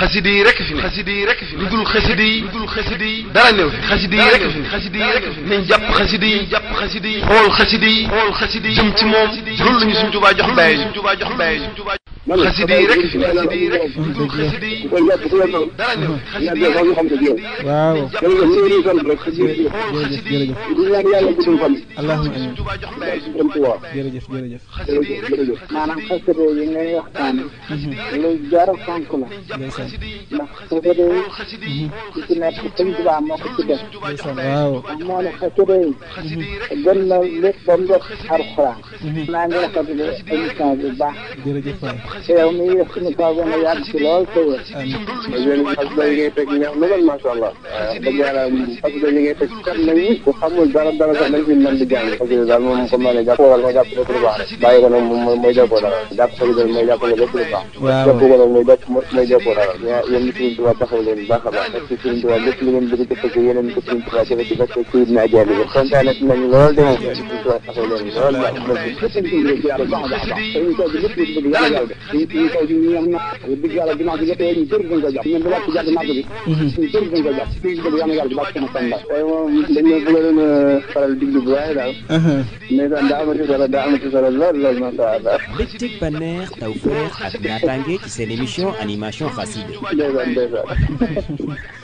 xaside yi rek fi ne xaside yi rek fi ne lu dul xaside yi lu dul xaside yi dara néew fi xaside yi rek fi ne xaside yi rek fi ne nañ jàpp xaside yi jàpp xaside yi xool xaside yi xool la ñu suñ jubaa jox bàyyi ñu xaside yi rek xaside yi rek xaside yi dara ñëw xaside yi rek waaw jërëjëf jërëjëf allahumma amiin jërëjëf jërëjëf maanaam xaside yi ngay waxtaan lu jar a fonk la ndeysaan ndax xaside yi ci ci nekk sëñ Tuubaa moo ko ci def ndeysaan waaw moo ne xaside yi gën na lépp ba mu def alxuraan maa ngi rafetlu émission bu baax jërëjëf waay ci yow mii def suñu taw gën a yàgg ci lool te wér. amiin parce que li ngay teg neex na lool macha allah. waaw dëgg yàlla parce que li ngay teg kat nañu ku xamul dara dara sax dañ fi mën di jàng. parce que daal moom comme ma ne jàpp wala nga jàpp lépp lu baax rek. bàyyi ko nag moom mooy jàppoo dara. jàpp ko nag mooy jàppale lépp lu baax. waaw jàpp ko nag mooy jàpp mooy jàppoo dara. waaw yéen ñu Sëriñ Tuubaa taxaw leen baax a baax parce que Sëriñ Tuubaa lépp lu ngeen bëgg a fekk yéen a ko Sëriñ Tuubaa ci ci bakk ci na ajabi bi kontaan nañu lool demoon Sëriñ Tuubaa taxaw leen lool suñu suñu kaw si ñu am na wax dëgg yàlla dimanche bi jotee ñu bëri gën ko jàpp ñun da wàcc jàpp màgg bi ñu bëri gën ko jàpp suñu dëgg yàlla yàlla di bàcc sama samba waaye moom dañ leen bëgg leen faral diglu bu waaye daal mais daal daa amati solo daa amati solo lool lool macha allah bëccëg bànneex tawfeex ak naataange ci seen émission animation facile ndeysaan ndeysaan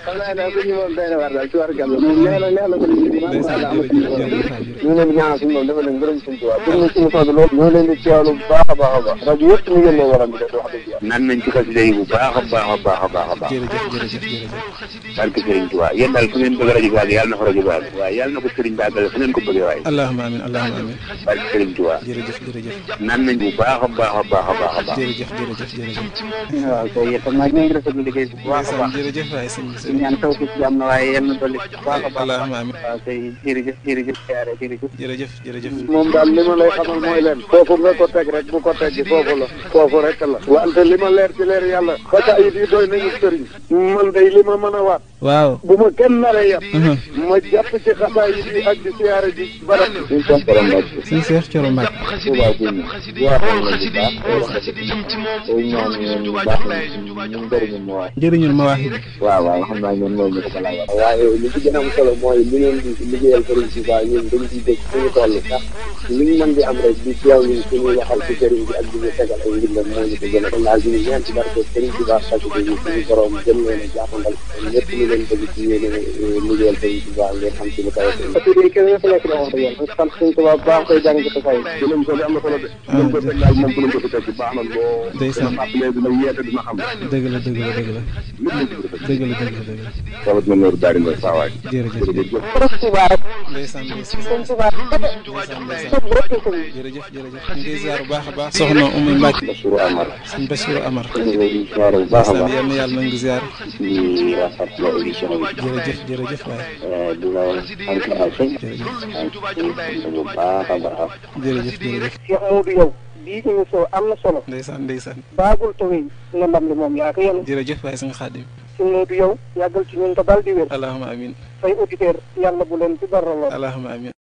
xam naa daal suñu moom doy na war daal ci war gàll moom leer la leer la ko ñu leen ñaanal suñu moom dafa leen gërëm suñu tubaab pour ñu suñu soog lool ñu leen di teewlu bu baax a baax a baax rajo yëpp ñu yoram bi de wax dëgg yàlla. naan nañ ci xasida yi bu baax a baax a baax a baax a baax. jërëjëf jërëjëf jërëjëf. barke Sëriñ Tuubaa yéen daal fu ngeen bëgg rajo Baag yàlla na fa rajo Baag waaye yàlla na ko Sëriñ Baag fu ngeen ko bëggee waaye. allahumma amiin allahumma amiin. barke Sëriñ Tuubaa. jërëjëf jërëjëf. naan nañ bu baax a baax a baax a baax a baax. jërëjëf jërëjëf jërëjëf. waaw kay yéen tam nag ñu ngi rafetlu liggéey bu baax a baax. jërëjëf waay sëñ bi. ñaan taw ci jàmm na waaye yàlla na dolli bu baax a baax. allahumma amiin. waaw kay jërëjëf jërëjëf. jërëjëf jërëjëf. moom daal li ma lay xamal mooy leen foofu nga ko teg rek bu ko teg foofu la foofu rek la li ma leer ci leer yàlla ba ca ayib yi doy nañu man day li ma mën a waaw bu ma kenn nar a yab. ma jàpp ci xasaay yi ak di siyaara ji barab. suñ Cheikh Thioro Mbacke. suñ Cheikh Thioro Mbacke. Touba Gueye ñu. waaw xam nga bu baax ñu baax ñu njëriñul ma waaye. njëriñul ma waaye. waaw waaw xam naa ñoom loolu ñu ko balaa wax. waaye li ci gën a am solo mooy li ngeen di liggéeyal Serigne Touba ñun dañ ciy dégg suñu toll sax li ñu mën di am rek di teewlu suñuy waxal ci Serigne bi ak di ñu tegal ay mbir la moo ñu ko gën a. kon daal di ñu ñaan ci barke Serigne Touba Fatou Seye suñu borom jëm leen a jàppandal ñëpp lañ bëgg ci yéen a liggéeyal sëñ Tuubaa ngeen xam ci lu kawe seen bopp. kenn ku nekk wax dëgg yàlla sant sëñ Tuubaa bu baax koy jàng ci tasaay. dinañ ko am na solo de. ñoom ah, boobu daal moom bu ñu ko fi teg baax na boo. ndeysaan dina fàttali dina yeete dina xam. dëgg la dëgg la dëgg la. lépp lañ ci dëgg la dëgg la dëgg la. ndeysaan sëñ Tuubaa jërëjëf jërëjëf ñu ngi ziar bu baax a baax soxna Oumy Mbacke Bassirou Amar sëñ Bassirou Amar bu baax a baax yéen yàlla nañ ko ziar di rafet la émission bi jërëjëf jërëjëf waay eh, di la encouragé jërëjëf bu baax a baax jërëjëf jërëjëf Cheikh Modou yow bii ñu soo am na solo ndeysaan ndeysaan baagul tawee nga ndam li moom yaa ko yenu jërëjëf waay sëñ Xaadim Cheikh Modou yow yàggal ci ñun ko bal di wér allahumma amin say auditeurs yàlla bu leen ci dara lool.